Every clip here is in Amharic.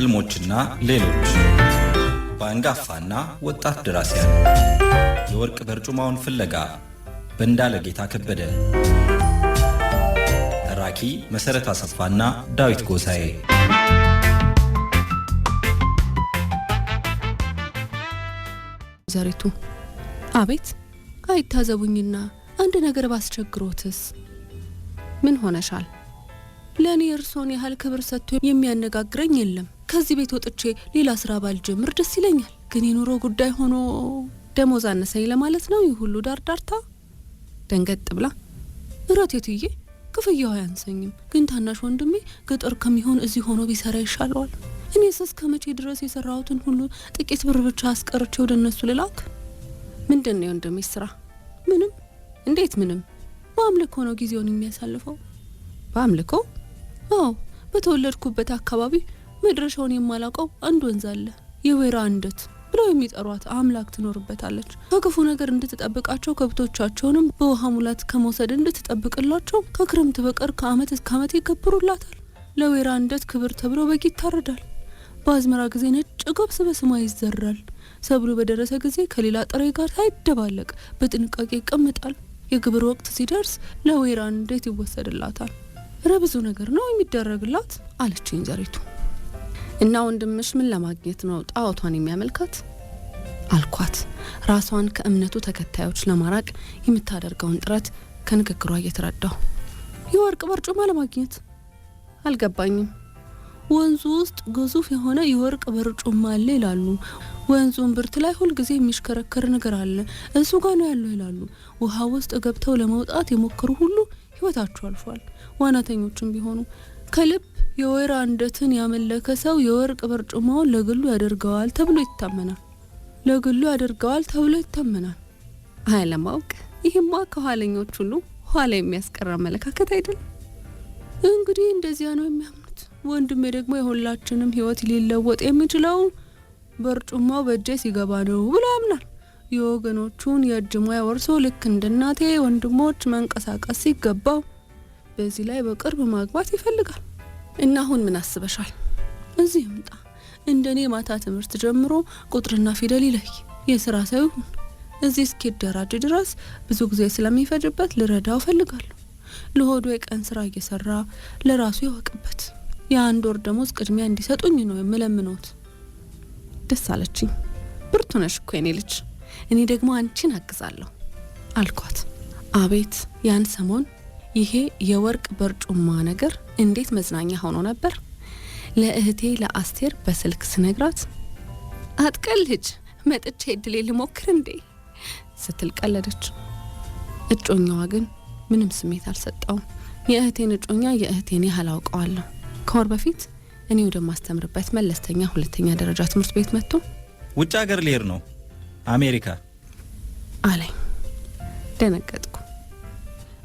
ህልሞችና ሌሎች በአንጋፋና ወጣት ደራሲያን የወርቅ በርጩማውን ፍለጋ በእንዳለ ጌታ ከበደ ተራኪ መሰረት አሰፋና ዳዊት ጎሳኤ ዘሪቱ አቤት አይታዘቡኝና አንድ ነገር ባስቸግሮትስ ምን ሆነሻል ለእኔ እርሶን ያህል ክብር ሰጥቶ የሚያነጋግረኝ የለም ከዚህ ቤት ወጥቼ ሌላ ስራ ባልጀምር ደስ ይለኛል። ግን የኑሮ ጉዳይ ሆኖ ደሞዝ አነሰኝ ለማለት ነው ይህ ሁሉ ዳርዳርታ። ደንገጥ ብላ ምረት የትዬ ክፍያው አያንሰኝም፣ ግን ታናሽ ወንድሜ ገጠር ከሚሆን እዚህ ሆኖ ቢሰራ ይሻለዋል። እኔስ እስከ መቼ ድረስ የሰራሁትን ሁሉ ጥቂት ብር ብቻ አስቀርቼ ወደ እነሱ ልላክ? ምንድን ነው የወንድሜ ስራ? ምንም። እንዴት ምንም? በአምልኮ ነው ጊዜውን የሚያሳልፈው። በአምልኮ? አዎ፣ በተወለድኩበት አካባቢ መድረሻውን የማላውቀው አንድ ወንዝ አለ፣ የወይራ አንደት ብለው የሚጠሯት አምላክ ትኖርበታለች። ከክፉ ነገር እንድትጠብቃቸው ከብቶቻቸውንም በውሃ ሙላት ከመውሰድ እንድትጠብቅላቸው ከክረምት በቀር ከአመት እስከ አመት ይገብሩላታል። ለወይራ አንደት ክብር ተብሎ በግ ይታረዳል። በአዝመራ ጊዜ ነጭ ገብስ በስማ ይዘራል። ሰብሉ በደረሰ ጊዜ ከሌላ ጥሬ ጋር ሳይደባለቅ በጥንቃቄ ይቀመጣል። የግብር ወቅት ሲደርስ ለወይራ እንዴት ይወሰድላታል። ረብዙ ነገር ነው የሚደረግላት አለችኝ ዘሪቱ። እና ወንድምሽ ምን ለማግኘት ነው ጣዖቷን የሚያመልካት አልኳት። ራሷን ከእምነቱ ተከታዮች ለማራቅ የምታደርገውን ጥረት ከንግግሯ እየተረዳሁ የወርቅ በርጩማ ለማግኘት አልገባኝም። ወንዙ ውስጥ ግዙፍ የሆነ የወርቅ በርጩማ አለ ይላሉ። ወንዙን ብርት ላይ ሁልጊዜ የሚሽከረከር ነገር አለ፣ እሱ ጋ ነው ያለው ይላሉ። ውሃ ውስጥ ገብተው ለመውጣት የሞከሩ ሁሉ ህይወታቸው አልፏል። ዋናተኞችም ቢሆኑ ከልብ የወይራ አንደትን ያመለከ ሰው የወርቅ በርጩማውን ለግሉ ያደርገዋል ተብሎ ይታመናል። ለግሉ ያደርገዋል ተብሎ ይታመናል። አለማወቅ ይህማ ከኋለኞች ሁሉ ኋላ የሚያስቀር አመለካከት አይደል? እንግዲህ እንደዚያ ነው የሚያምኑት። ወንድሜ ደግሞ የሁላችንም ሕይወት ሊለወጥ የሚችለው በርጩማው በእጄ ሲገባ ነው ብሎ ያምናል። የወገኖቹን የእጅ ሙያ ወርሶ ልክ እንደናቴ ወንድሞች መንቀሳቀስ ሲገባው በዚህ ላይ በቅርብ ማግባት ይፈልጋል። እና አሁን ምን አስበሻል? እዚህ ምጣ። እንደ እኔ ማታ ትምህርት ጀምሮ ቁጥርና ፊደል ይለይ፣ የስራ ሰው ይሁን። እዚህ እስኪደራጅ ድረስ ብዙ ጊዜ ስለሚፈጅበት ልረዳው እፈልጋለሁ። ለሆዶ የቀን ስራ እየሰራ ለራሱ ይወቅበት። የአንድ ወር ደሞዝ ቅድሚያ እንዲሰጡኝ ነው የምለምኖት። ደስ አለችኝ። ብርቱ ነሽ እኮ የኔ ልጅ፣ እኔ ደግሞ አንቺን አግዛለሁ አልኳት። አቤት ያን ሰሞን ይሄ የወርቅ በርጩማ ነገር እንዴት መዝናኛ ሆኖ ነበር። ለእህቴ ለአስቴር በስልክ ስነግራት አትቀልጅ፣ መጥቼ እድሌ ልሞክር እንዴ ስትል ቀለደች። እጮኛዋ ግን ምንም ስሜት አልሰጠውም። የእህቴን እጮኛ የእህቴን ያህል አውቀዋለሁ። ከወር በፊት እኔ ወደማስተምርበት መለስተኛ ሁለተኛ ደረጃ ትምህርት ቤት መጥቶ ውጭ ሀገር ሌር ነው አሜሪካ አለኝ። ደነገጥኩ።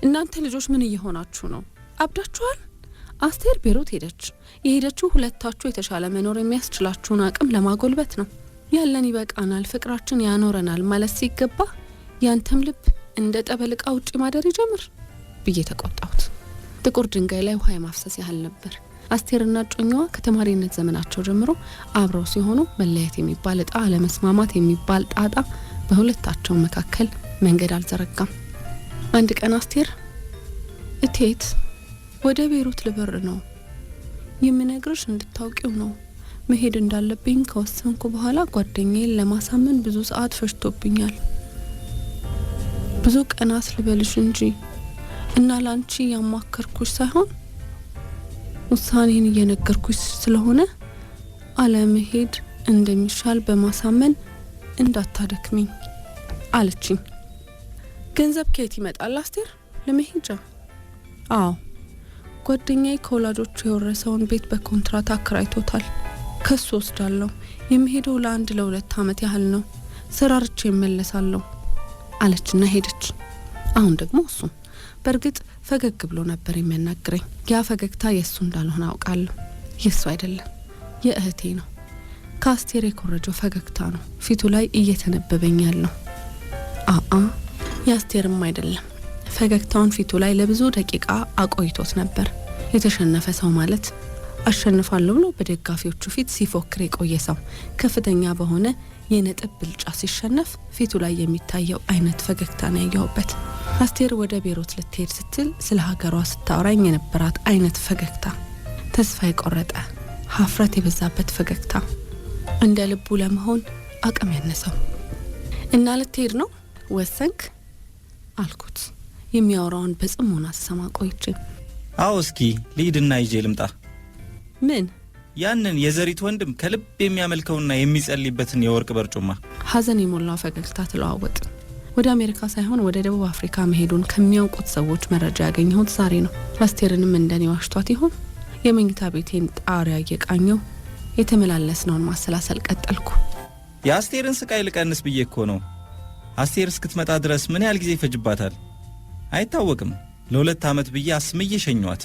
እናንተ ልጆች ምን እየሆናችሁ ነው? አብዳችኋል? አስቴር ቤሮት ሄደች። የሄደችው ሁለታችሁ የተሻለ መኖር የሚያስችላችሁን አቅም ለማጎልበት ነው። ያለን ይበቃናል፣ ፍቅራችን ያኖረናል ማለት ሲገባ ያንተም ልብ እንደ ጠበልቃ ውጪ ማደር ይጀምር ብዬ ተቆጣሁት። ጥቁር ድንጋይ ላይ ውሃ የማፍሰስ ያህል ነበር። አስቴርና ጮኛዋ ከተማሪነት ዘመናቸው ጀምሮ አብረው ሲሆኑ መለየት የሚባል እጣ፣ አለመስማማት የሚባል ጣጣ በሁለታቸው መካከል መንገድ አልዘረጋም። አንድ ቀን አስቴር እቴት ወደ ቤሩት ልበር ነው የምነግርሽ፣ እንድታውቂው ነው። መሄድ እንዳለብኝ ከወሰንኩ በኋላ ጓደኛዬን ለማሳመን ብዙ ሰዓት ፈጅቶብኛል። ብዙ ቀናት ልበልሽ እንጂ እና ላንቺ ያማከርኩሽ ሳይሆን ውሳኔን እየነገርኩሽ ስለሆነ አለመሄድ እንደሚሻል በማሳመን እንዳታደክሚኝ አለችኝ። ገንዘብ ከየት ይመጣል አስቴር? ለመሄጃ? አዎ፣ ጓደኛዬ ከወላጆቹ የወረሰውን ቤት በኮንትራት አከራይቶታል። ከሱ ወስዳለሁ። የምሄደው ለአንድ ለሁለት ዓመት ያህል ነው። ሰራርቼ እመለሳለሁ አለችና ሄደች። አሁን ደግሞ እሱ በእርግጥ ፈገግ ብሎ ነበር የሚያናግረኝ። ያ ፈገግታ የእሱ እንዳልሆነ አውቃለሁ። የእሱ አይደለም፣ የእህቴ ነው። ከአስቴር የኮረጀው ፈገግታ ነው ፊቱ ላይ እየተነበበኝ ያለው። አአ የአስቴርም አይደለም። ፈገግታውን ፊቱ ላይ ለብዙ ደቂቃ አቆይቶት ነበር። የተሸነፈ ሰው ማለት አሸንፋለሁ ብሎ በደጋፊዎቹ ፊት ሲፎክር የቆየ ሰው ከፍተኛ በሆነ የነጥብ ብልጫ ሲሸነፍ ፊቱ ላይ የሚታየው አይነት ፈገግታ ነው ያየሁበት። አስቴር ወደ ቤሮት ልትሄድ ስትል ስለ ሀገሯ ስታወራኝ የነበራት አይነት ፈገግታ፣ ተስፋ የቆረጠ ሀፍረት የበዛበት ፈገግታ፣ እንደ ልቡ ለመሆን አቅም ያነሰው እና ልትሄድ ነው ወሰንክ አልኩት። የሚያወራውን በጽሞና ስሰማ ቆይቼ፣ አዎ እስኪ ልሂድና ይዤ ልምጣ። ምን? ያንን የዘሪት ወንድም ከልብ የሚያመልከውና የሚጸልይበትን የወርቅ በርጩማ። ሐዘን የሞላው ፈገግታ ተለዋወጥ። ወደ አሜሪካ ሳይሆን ወደ ደቡብ አፍሪካ መሄዱን ከሚያውቁት ሰዎች መረጃ ያገኘሁት ዛሬ ነው። አስቴርንም እንደኔ ዋሽቷት ይሆን? የመኝታ ቤቴን ጣሪያ እየቃኘው የተመላለስነውን ማሰላሰል ቀጠልኩ። የአስቴርን ስቃይ ልቀንስ ብዬ እኮ ነው አስቴር እስክትመጣ ድረስ ምን ያህል ጊዜ ይፈጅባታል አይታወቅም። ለሁለት ዓመት ብዬ አስምዬ ሸኟት።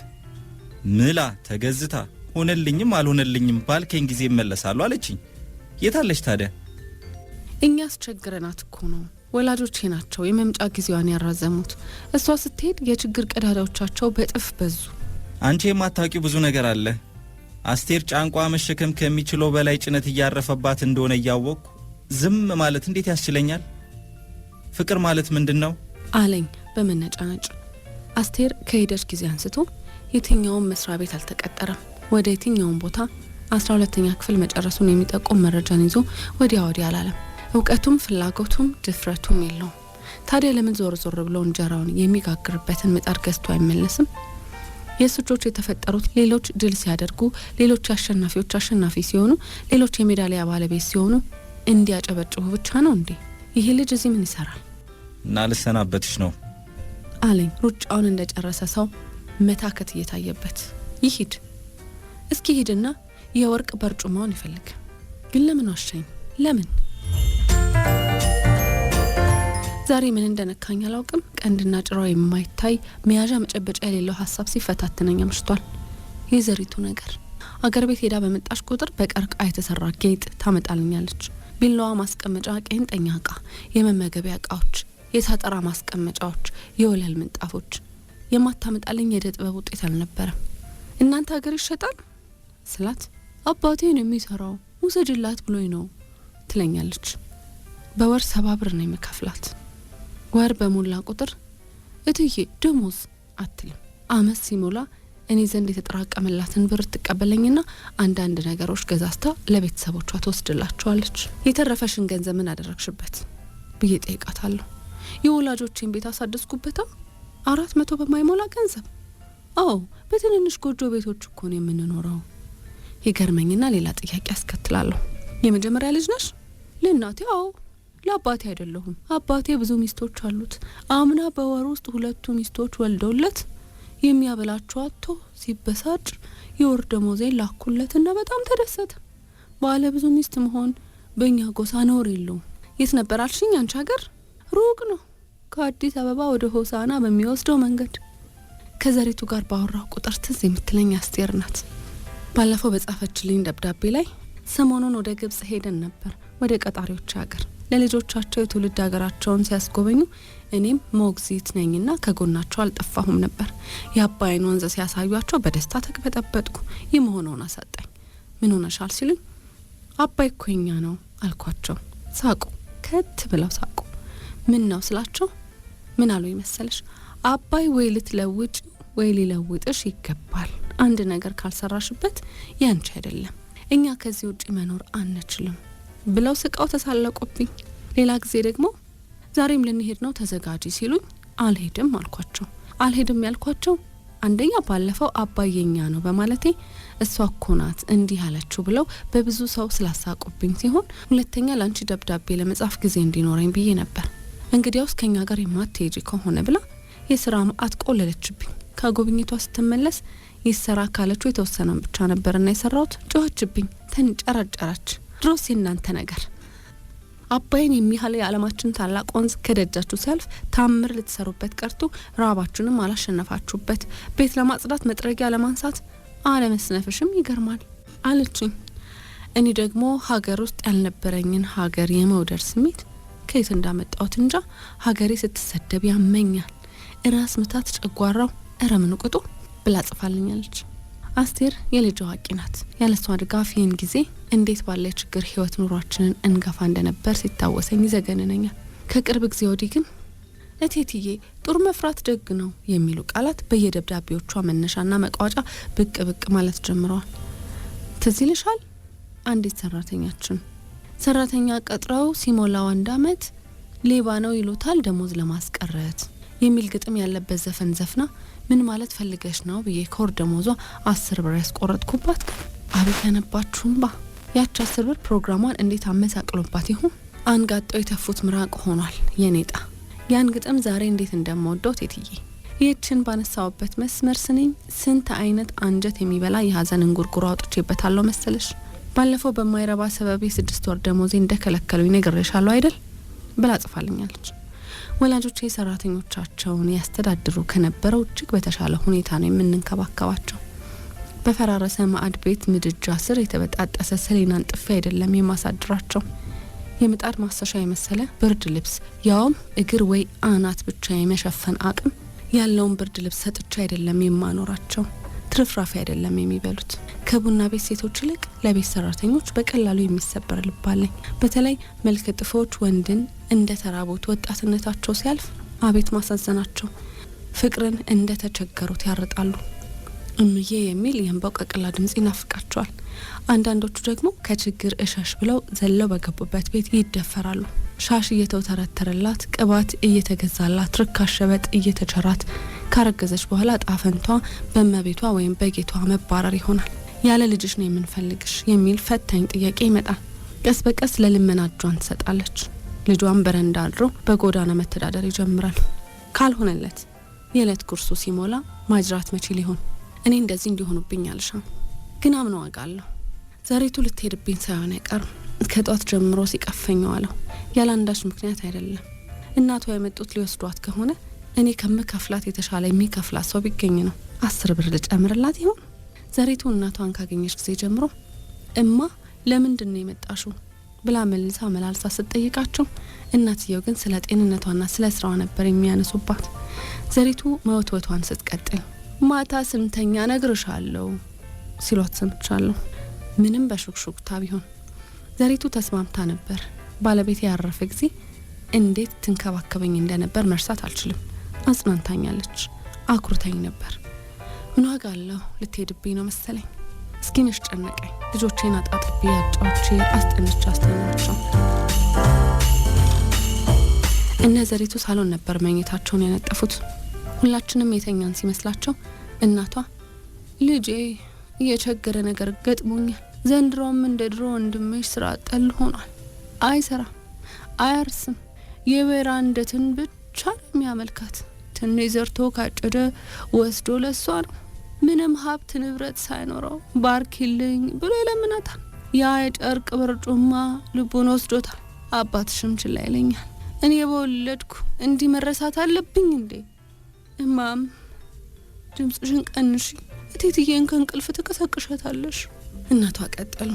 ምላ ተገዝታ ሆነልኝም አልሆነልኝም ባልከኝ ጊዜ እመለሳለሁ አለችኝ። የታለች ታዲያ? እኛ አስቸግረናት እኮ ነው። ወላጆቼ ናቸው የመምጫ ጊዜዋን ያራዘሙት። እሷ ስትሄድ የችግር ቀዳዳዎቻቸው በጥፍ በዙ። አንቺ የማታውቂው ብዙ ነገር አለ። አስቴር ጫንቋ መሸከም ከሚችለው በላይ ጭነት እያረፈባት እንደሆነ እያወቅኩ ዝም ማለት እንዴት ያስችለኛል? ፍቅር ማለት ምንድን ነው አለኝ በመነጫነጭ። አስቴር ከሄደች ጊዜ አንስቶ የትኛውም መስሪያ ቤት አልተቀጠረም። ወደ የትኛውም ቦታ አስራ ሁለተኛ ክፍል መጨረሱን የሚጠቁም መረጃን ይዞ ወዲያ ወዲያ አላለም። እውቀቱም ፍላጎቱም ድፍረቱም የለውም። ታዲያ ለምን ዞር ዞር ብሎ እንጀራውን የሚጋግርበትን ምጣድ ገዝቶ አይመለስም? የእሱ እጆች የተፈጠሩት ሌሎች ድል ሲያደርጉ፣ ሌሎች አሸናፊዎች አሸናፊ ሲሆኑ፣ ሌሎች የሜዳሊያ ባለቤት ሲሆኑ እንዲያጨበጭቡ ብቻ ነው እንዴ? ይሄ ልጅ እዚህ ምን ይሰራል? እና ልሰናበትሽ ነው አለኝ። ሩጫውን እንደጨረሰ ሰው መታከት እየታየበት ይሂድ፣ እስኪ ሂድና የወርቅ በርጩማውን ይፈልግ። ግን ለምን ዋሻኝ? ለምን ዛሬ ምን እንደነካኝ አላውቅም። ቀንድና ጭራው የማይታይ መያዣ መጨበጫ የሌለው ሀሳብ ሲፈታትነኝ አምሽቷል። የዘሪቱ ነገር አገር ቤት ሄዳ በመጣሽ ቁጥር በቀርቃ የተሰራ ጌጥ ታመጣልኛለች። ቢላዋ ማስቀመጫ፣ ቄንጠኛ እቃ፣ የመመገቢያ እቃዎች የሳጠራ ማስቀመጫዎች፣ የወለል ምንጣፎች የማታመጣልኝ የእደ ጥበብ ውጤት አልነበረም። እናንተ ሀገር ይሸጣል ስላት አባቴ ነው የሚሰራው ውሰድላት ብሎኝ ነው ትለኛለች። በወር ሰባ ብር ነው የምከፍላት። ወር በሞላ ቁጥር እትዬ ደሞዝ አትልም። አመት ሲሞላ እኔ ዘንድ የተጠራቀመላትን ብር ትቀበለኝና አንዳንድ ነገሮች ገዛዝታ ለቤተሰቦቿ ትወስድላቸዋለች። የተረፈሽን ገንዘብ ምን አደረግሽበት ብዬ ጠይቃታለሁ። የወላጆችን ቤት አሳደስኩበታ አራት መቶ በማይሞላ ገንዘብ። አዎ በትንንሽ ጎጆ ቤቶች እኮ ነው የምንኖረው። ይገርመኝና ሌላ ጥያቄ አስከትላለሁ። የመጀመሪያ ልጅ ነሽ? ለእናቴ አዎ፣ ለአባቴ አይደለሁም። አባቴ ብዙ ሚስቶች አሉት። አምና በወር ውስጥ ሁለቱ ሚስቶች ወልደውለት የሚያበላቸው አቶ ሲበሳጭ የወር ደሞዜን ላኩለትና በጣም ተደሰተ። ባለ ብዙ ሚስት መሆን በእኛ ጎሳ ነውር የለውም። የት ነበር አልሽኝ? አንቺ ሀገር ሩቅ ነው። ከአዲስ አበባ ወደ ሆሳና በሚወስደው መንገድ ከዘሪቱ ጋር ባወራው ቁጥር ትዝ የምትለኝ አስቴር ናት። ባለፈው በጻፈችልኝ ደብዳቤ ላይ ሰሞኑን ወደ ግብጽ ሄደን ነበር፣ ወደ ቀጣሪዎች ሀገር ለልጆቻቸው የትውልድ ሀገራቸውን ሲያስጎበኙ እኔም ሞግዚት ነኝና ከጎናቸው አልጠፋሁም ነበር። የአባይን ወንዝ ሲያሳዩቸው በደስታ ተቅበጠበጥኩ። ይህ መሆነውን አሳጣኝ። ምን ሆነሻል ሲሉኝ አባይ እኮ የኛ ነው አልኳቸው። ሳቁ፣ ከት ብለው ሳቁ። ምን ነው ስላቸው ምን አሉ ይመሰልሽ? አባይ ወይ ልትለውጭ ወይ ሊለውጥሽ ይገባል። አንድ ነገር ካልሰራሽበት ያንቺ አይደለም፣ እኛ ከዚህ ውጪ መኖር አንችልም ብለው ስቃው ተሳለቁብኝ። ሌላ ጊዜ ደግሞ ዛሬም ልንሄድ ነው ተዘጋጂ ሲሉኝ አልሄድም አልኳቸው። አልሄድም ያልኳቸው አንደኛ ባለፈው አባይ የኛ ነው በማለቴ እሷ እኮ ናት እንዲህ አለችው ብለው በብዙ ሰው ስላሳቁብኝ ሲሆን፣ ሁለተኛ ለአንቺ ደብዳቤ ለመጻፍ ጊዜ እንዲኖረኝ ብዬ ነበር። እንግዲያውስ ከኛ ጋር የማትሄጂ ከሆነ ብላ የስራ ማአት ቆለለችብኝ። ከጉብኝቷ ስትመለስ ይሰራ ካለችው የተወሰነውን ብቻ ነበርና የሰራሁት። ጮኸችብኝ፣ ተንጨራጨራች። ድሮስ የእናንተ ነገር አባይን የሚያህል የዓለማችን ታላቅ ወንዝ ከደጃችሁ ሲያልፍ ታምር ልትሰሩበት ቀርቶ ራባችሁንም አላሸነፋችሁበት። ቤት ለማጽዳት መጥረጊያ ለማንሳት አለመስነፍሽም ይገርማል አለችኝ። እኔ ደግሞ ሀገር ውስጥ ያልነበረኝን ሀገር የመውደድ ስሜት ከየት እንዳመጣሁት እንጃ ሀገሬ ስትሰደብ ያመኛል፣ እራስ ምታት ጨጓራው እረምን ቁጡ ብላ ጽፋልኛለች። አስቴር የልጅ አዋቂ ናት። ያለሷ ድጋፍ ይህን ጊዜ እንዴት ባለ ችግር ህይወት ኑሯችንን እንገፋ እንደነበር ሲታወሰኝ ይዘገንነኛል። ከቅርብ ጊዜ ወዲህ ግን እቴትዬ ጦር መፍራት ደግ ነው የሚሉ ቃላት በየደብዳቤዎቿ መነሻና መቋጫ ብቅ ብቅ ማለት ጀምረዋል። ትዝ ይልሻል አንዲት ሰራተኛችን ሰራተኛ ቀጥረው ሲሞላው አንድ አመት ሌባ ነው ይሉታል ደሞዝ ለማስቀረት የሚል ግጥም ያለበት ዘፈን ዘፍና ምን ማለት ፈልገሽ ነው ብዬ ከወር ደሞዟ አስር ብር ያስቆረጥኩባት ግን አቤት ያነባችሁም ባ ያች አስር ብር ፕሮግራሟን እንዴት አመሳቅሎባት ይሁን አንጋጠው የተፉት ምራቅ ሆኗል የኔጣ ያን ግጥም ዛሬ እንዴት እንደምወደው ቴትዬ ይህችን ባነሳውበት መስመር ስንኝ ስንት አይነት አንጀት የሚበላ የሀዘን እንጉርጉሮ አውጥቼበታለሁ መሰለሽ ባለፈው በማይረባ ሰበብ የስድስት ወር ደሞዜ እንደከለከሉኝ ነግሬሻለሁ አይደል ብላ ጽፋልኛለች። ወላጆች የሰራተኞቻቸውን ያስተዳድሩ ከነበረው እጅግ በተሻለ ሁኔታ ነው የምንንከባከባቸው። በፈራረሰ ማዕድ ቤት ምድጃ ስር የተበጣጠሰ ሰሌናን ጥፊ አይደለም የማሳድራቸው የምጣድ ማሰሻ የመሰለ ብርድ ልብስ ያውም እግር ወይ አናት ብቻ የመሸፈን አቅም ያለውን ብርድ ልብስ ሰጥቻ አይደለም የማኖራቸው። ትርፍራፊ አይደለም የሚበሉት። ከቡና ቤት ሴቶች ይልቅ ለቤት ሰራተኞች በቀላሉ የሚሰበር ልብ በተለይ መልክ ጥፎች ወንድን እንደ ተራቡት ወጣትነታቸው ሲያልፍ አቤት ማሳዘናቸው፣ ፍቅርን እንደ ተቸገሩት ያርጣሉ። እምዬ የሚል የእንባው ቀቅላ ድምጽ ይናፍቃቸዋል። አንዳንዶቹ ደግሞ ከችግር እሸሽ ብለው ዘለው በገቡበት ቤት ይደፈራሉ። ሻሽ እየተውተረተረላት፣ ቅባት እየተገዛላት፣ ርካሽ ሸበጥ እየተቸራት ካረገዘች በኋላ ጣፈንቷ በመቤቷ ወይም በጌቷ መባረር ይሆናል። ያለ ልጅሽ ነው የምንፈልግሽ የሚል ፈታኝ ጥያቄ ይመጣል። ቀስ በቀስ ለልመና እጇን ትሰጣለች። ልጇን በረንዳ አድሮ በጎዳና መተዳደር ይጀምራል። ካልሆነለት የዕለት ጉርሱ ሲሞላ ማጅራት መቼ ሊሆን? እኔ እንደዚህ እንዲሆኑብኝ አልሻ ግን አምነ ዋጋ አለሁ። ዘሬቱ ልትሄድብኝ ሳይሆን አይቀርም። ከጧት ጀምሮ ሲቀፈኘው ዋለው፣ ያለ አንዳች ምክንያት አይደለም። እናቷ የመጡት ሊወስዷት ከሆነ እኔ ከምከፍላት የተሻለ የሚከፍላት ሰው ቢገኝ ነው። አስር ብር ልጨምርላት ይሆን? ዘሪቱ እናቷን ካገኘች ጊዜ ጀምሮ እማ ለምንድን ነው ብላ መልሳ መላልሳ ስትጠይቃቸው እናትየው ግን ስለ ጤንነቷና ስለ ስራዋ ነበር የሚያነሱባት። ዘሪቱ መወትወቷን ስትቀጥል ማታ ስንተኛ ነግርሻለሁ ሲሏት ሰምቻለሁ። ምንም በሹክሹክታ ቢሆን ዘሪቱ ተስማምታ ነበር። ባለቤት ያረፈ ጊዜ እንዴት ትንከባከበኝ እንደነበር መርሳት አልችልም። አጽናንታኛለች፣ አኩርታኝ ነበር። ምን ዋጋ አለው ልትሄድብኝ ነው መሰለኝ። እስኪን ያስጨነቀኝ ልጆቼን አጣጥቤ ያጫዎቼ አስጠንቻ አስተኛቸው። እነ ዘሪቱ ሳሎን ነበር መኝታቸውን የነጠፉት ሁላችንም የተኛን ሲመስላቸው እናቷ ልጄ የቸገረ ነገር ገጥሞኛል፣ ዘንድሮም እንደ ድሮ ወንድምሽ ስራ ጠል ሆኗል። አይሰራም፣ አያርስም፣ የበራ እንደትን ብቻ ነው የሚያመልካት ትንሽ ዘርቶ ካጨደ ወስዶ ለሷ ነው። ምንም ሀብት ንብረት ሳይኖረው ባርኪልኝ ብሎ ይለምናታል። ያ የጨርቅ በርጩማ ልቡን ወስዶታል። አባትሽም ችላ ይለኛል። እኔ በወለድኩ እንዲህ መረሳት አለብኝ እንዴ? እማም ድምፅሽን ቀንሽ፣ እቴትዬን ከእንቅልፍ ትቀሰቅሸታለሽ። እናቷ ቀጠሉ።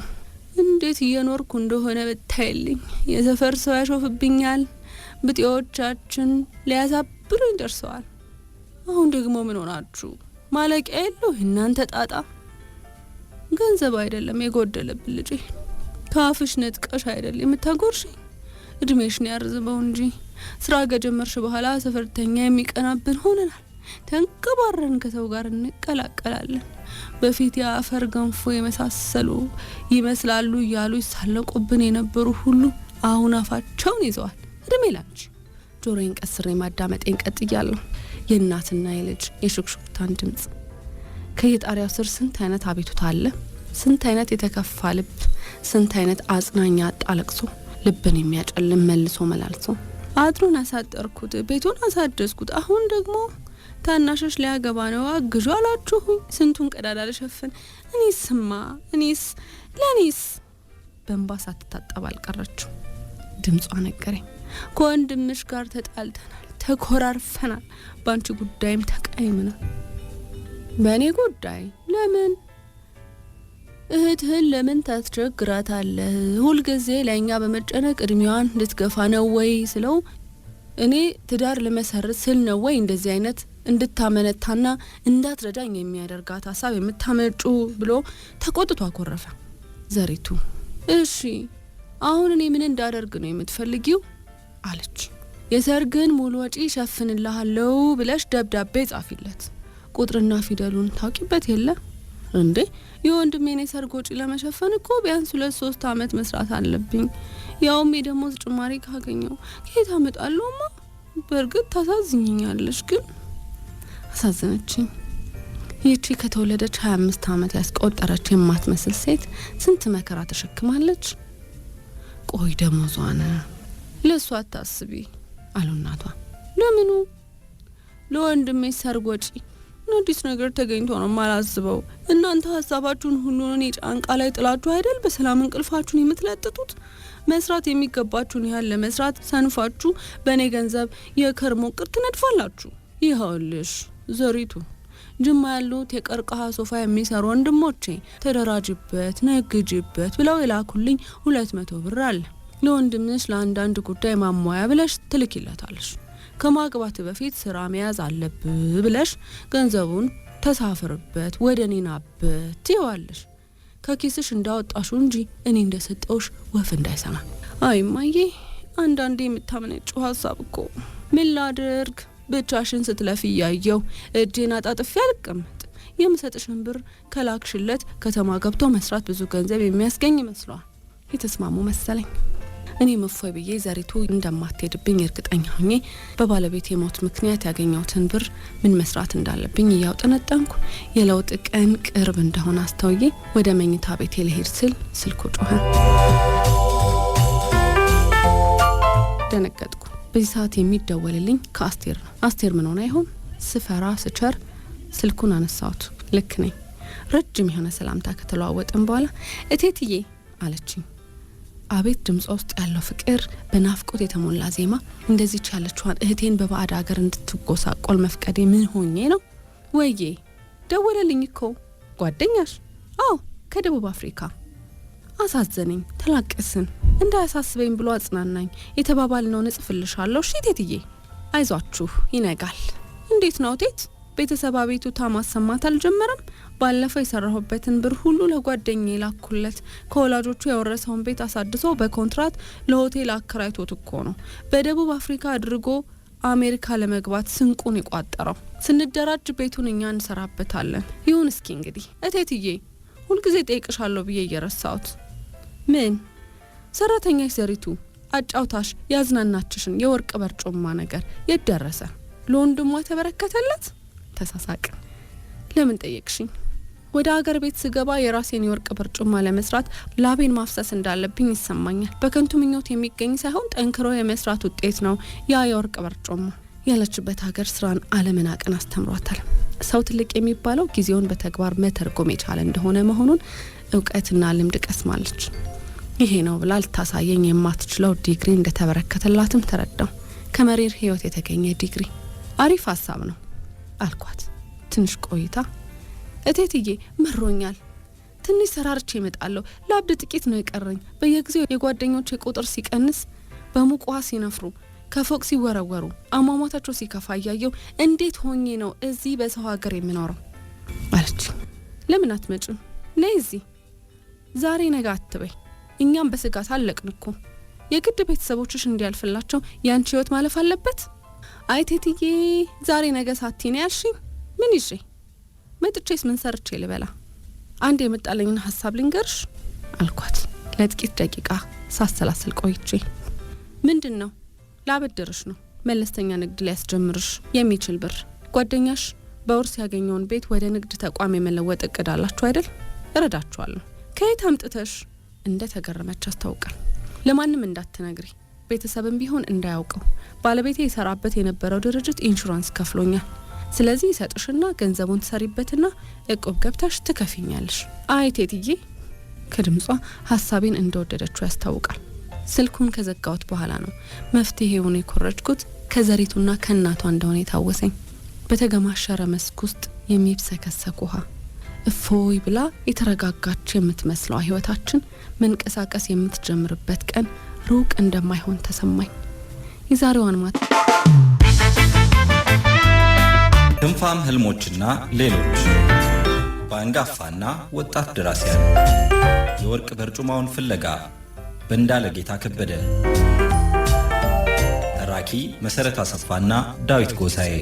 እንዴት እየኖርኩ እንደሆነ ብታይልኝ፣ የሰፈር ሰው ያሾፍብኛል፣ ብጤዎቻችን ሊያሳብ ብሎኝ ደርሰዋል። አሁን ደግሞ ምን ሆናችሁ? ማለቂያ የለው እናንተ ጣጣ። ገንዘብ አይደለም የጎደለብን ልጄ፣ ከአፍሽ ነጥቀሽ አይደል የምታጎርሽኝ። እድሜሽን ያርዝበው እንጂ ስራ ከጀመርሽ በኋላ ሰፈርተኛ የሚቀናብን ሆነናል። ተንቀባረን ከሰው ጋር እንቀላቀላለን። በፊት የአፈር ገንፎ የመሳሰሉ ይመስላሉ እያሉ ይሳለቁብን የነበሩ ሁሉ አሁን አፋቸውን ይዘዋል። እድሜ ላንቺ። ጆሮዬን ቀስሬ ማዳመጤን ቀጥያለሁ። የእናትና የልጅ የሹክሹክታን ድምፅ ከየጣሪያው ስር ስንት አይነት አቤቱታ አለ፣ ስንት አይነት የተከፋ ልብ፣ ስንት አይነት አጽናኛ አጣለቅሶ፣ ልብን የሚያጨልም መልሶ መላልሶ። አጥሩን አሳጠርኩት፣ ቤቱን አሳደስኩት፣ አሁን ደግሞ ታናሾች ሊያገባ ነው አግዥ አላችሁኝ። ስንቱን ቀዳዳ ልሸፍን እኔስማ፣ እኔስ ለእኔስ። በእንባ ሳትታጠብ አልቀረችው። ድምጿ ነገረኝ። ከወንድምሽ ጋር ተጣልተናል፣ ተኮራርፈናል፣ በአንቺ ጉዳይም ተቃይምናል። በእኔ ጉዳይ ለምን እህትህን ለምን ታስቸግራታለህ? ሁልጊዜ ለእኛ በመጨነቅ እድሜዋን እንድትገፋ ነው ወይ ስለው እኔ ትዳር ልመሰርት ስል ነው ወይ እንደዚህ አይነት እንድታመነታና እንዳትረዳኝ የሚያደርጋት ሀሳብ የምታመጩ ብሎ ተቆጥቶ አኮረፈ። ዘሪቱ እሺ አሁን እኔ ምን እንዳደርግ ነው የምትፈልጊው? አለች። የሰርግን ሙሉ ወጪ ሸፍንልሃለው ብለሽ ደብዳቤ ጻፊለት። ቁጥርና ፊደሉን ታውቂበት የለ እንዴ? የወንድሜን የሰርግ ወጪ ለመሸፈን እኮ ቢያንስ ሁለት ሶስት አመት መስራት አለብኝ። ያውም የደሞዝ ጭማሪ ካገኘው ከየት አመጣለሁማ? በእርግጥ ታሳዝኝኛለች፣ ግን አሳዘነችኝ። ይቺ ከተወለደች 25 ዓመት ያስቆጠረች የማትመስል ሴት ስንት መከራ ተሸክማለች። ቆይ ደሞዟን ለእሱ አታስቢ አሉ እናቷ። ለምኑ? ለወንድሜ ሰርግ ወጪ አዲስ ነገር ተገኝቶ ነው የማላስበው። እናንተ ሀሳባችሁን ሁሉ እኔ ጫንቃ ላይ ጥላችሁ አይደል በሰላም እንቅልፋችሁን የምትለጥጡት? መስራት የሚገባችሁን ያህል ለመስራት ሰንፋችሁ በእኔ ገንዘብ የከርሞ ቅር ትነድፋላችሁ። ይኸውልሽ ዘሪቱ፣ ጅማ ያሉት የቀርቀሃ ሶፋ የሚሰሩ ወንድሞቼ ተደራጅበት፣ ነግጅበት ብለው የላኩልኝ ሁለት መቶ ብር አለ ለወንድምሽ ለአንዳንድ ጉዳይ ማሟያ ብለሽ ትልኪለታለሽ። ከማግባት በፊት ስራ መያዝ አለብህ ብለሽ ገንዘቡን ተሳፍርበት፣ ወደ እኔናበት ትይዋለሽ። ከኪስሽ እንዳወጣሹ እንጂ እኔ እንደሰጠውሽ ወፍ እንዳይሰማ። አይ ማዬ፣ አንዳንዴ የምታመነጭው ሀሳብ እኮ ምን ላድርግ፣ ብቻሽን ስትለፊ እያየው እጄን አጣጥፌ አልቀመጥ የምሰጥሽን ብር ከላክሽለት ከተማ ገብቶ መስራት ብዙ ገንዘብ የሚያስገኝ ይመስለዋል። የተስማሙ መሰለኝ። እኔም እፎይ ብዬ ዘሪቱ እንደማትሄድብኝ እርግጠኛ ሆኜ በባለቤት የሞት ምክንያት ያገኘሁትን ብር ምን መስራት እንዳለብኝ እያውጠነጠንኩ የለውጥ ቀን ቅርብ እንደሆነ አስተውዬ ወደ መኝታ ቤቴ ልሄድ ስል ስልኩ ጮኸ። ደነገጥኩ። በዚህ ሰዓት የሚደወልልኝ ከአስቴር ነው። አስቴር ምን አይሆን ይሆን? ስፈራ ስቸር ስልኩን አነሳሁት። ልክ ነኝ። ረጅም የሆነ ሰላምታ ከተለዋወጥን በኋላ እቴትዬ አለችኝ። አቤት ድምጿ ውስጥ ያለው ፍቅር! በናፍቆት የተሞላ ዜማ። እንደዚች ያለችዋን እህቴን በባዕድ ሀገር እንድትጎሳቆል መፍቀዴ ምን ሆኜ ነው? ወዬ ደወለልኝ እኮ ጓደኛሽ? አዎ ከደቡብ አፍሪካ። አሳዘነኝ። ተላቀስን። እንዳያሳስበኝ ብሎ አጽናናኝ። የተባባልነውን እጽፍልሻለሁ። እሺ ቴትዬ፣ አይዟችሁ ይነጋል። እንዴት ነው ቴት? ቤተሰብ አቤቱታ ማሰማት አልጀመረም። ባለፈው የሰራሁበትን ብር ሁሉ ለጓደኛ ላኩለት። ከወላጆቹ የወረሰውን ቤት አሳድሶ በኮንትራት ለሆቴል አከራይቶት እኮ ነው በደቡብ አፍሪካ አድርጎ አሜሪካ ለመግባት ስንቁን የቋጠረው። ስንደራጅ ቤቱን እኛ እንሰራበታለን። ይሁን እስኪ እንግዲህ እቴትዬ፣ ሁልጊዜ ጠይቅሻለሁ ብዬ እየረሳሁት ምን ሰራተኛሽ ዘሪቱ አጫውታሽ ያዝናናችሽን የወርቅ በርጮማ ነገር የደረሰ ለወንድሞ ለወንድሟ ተበረከተለት? ተሳሳቅ ለምን ጠየቅሽኝ? ወደ አገር ቤት ስገባ የራሴን የወርቅ በርጩማ ለመስራት ላቤን ማፍሰስ እንዳለብኝ ይሰማኛል። በከንቱ ምኞት የሚገኝ ሳይሆን ጠንክሮ የመስራት ውጤት ነው ያ የወርቅ በርጩማ። ያለችበት ሀገር ስራን አለመናቅን አስተምሯታል። ሰው ትልቅ የሚባለው ጊዜውን በተግባር መተርጎም የቻለ እንደሆነ መሆኑን እውቀትና ልምድ ቀስማለች። ይሄ ነው ብላ ልታሳየኝ የማትችለው ዲግሪ እንደተበረከተላትም ተረዳው። ከመሪር ህይወት የተገኘ ዲግሪ አሪፍ ሀሳብ ነው። አልኳት። ትንሽ ቆይታ እቴትዬ መሮኛል፣ ትንሽ ሰራርቼ እመጣለሁ። ለአብድ ጥቂት ነው የቀረኝ። በየጊዜው የጓደኞቼ ቁጥር ሲቀንስ፣ በሙቅ ውሃ ሲነፍሩ፣ ከፎቅ ሲወረወሩ፣ አሟሟታቸው ሲከፋ እያየው እንዴት ሆኜ ነው እዚህ በሰው ሀገር የምኖረው አለች። ለምን አትመጭም? ነይ እዚህ ዛሬ ነገ አትበይ። እኛም በስጋት አለቅን እኮ የግድ ቤተሰቦችሽ እንዲያልፍላቸው ያንቺ ህይወት ማለፍ አለበት አይ ቴትዬ፣ ዛሬ ነገ ሳቲን ያልሽኝ ምን ይዤ መጥቼስ ምን ሰርቼ ልበላ? አንድ የመጣለኝን ሀሳብ ልንገርሽ አልኳት። ለጥቂት ደቂቃ ሳሰላስል ቆይቼ ምንድን ነው ላበድርሽ ነው መለስተኛ ንግድ ሊያስጀምርሽ የሚችል ብር ጓደኛሽ በውርስ ያገኘውን ቤት ወደ ንግድ ተቋም የመለወጥ እቅድ አላችሁ አይደል? እረዳችኋለሁ። ከየት አምጥተሽ እንደ ተገረመች አስታውቃል። ለማንም እንዳትነግሪ ቤተሰብም ቢሆን እንዳያውቀው ባለቤቴ የሰራበት የነበረው ድርጅት ኢንሹራንስ ከፍሎኛል። ስለዚህ ይሰጥሽና ገንዘቡን ትሰሪበትና እቁብ ገብተሽ ትከፊኛለሽ። አይ ቴትዬ ከድምጿ ሀሳቤን እንደወደደችው ያስታውቃል። ስልኩን ከዘጋሁት በኋላ ነው መፍትሄውን የኮረጅኩት ከዘሪቱና ከእናቷ እንደሆነ የታወሰኝ። በተገማሸረ መስክ ውስጥ የሚብሰከሰክ ውሃ እፎይ ብላ የተረጋጋች የምትመስለዋ ህይወታችን መንቀሳቀስ የምትጀምርበት ቀን ሩቅ እንደማይሆን ተሰማኝ። የዛሬዋን ማታ ትንፋም ህልሞችና ሌሎች በአንጋፋና ወጣት ደራሲያን የወርቅ በርጩማውን ፍለጋ በእንዳለ ጌታ ከበደ ተራኪ መሠረት አሰፋና ዳዊት ጎሳኤ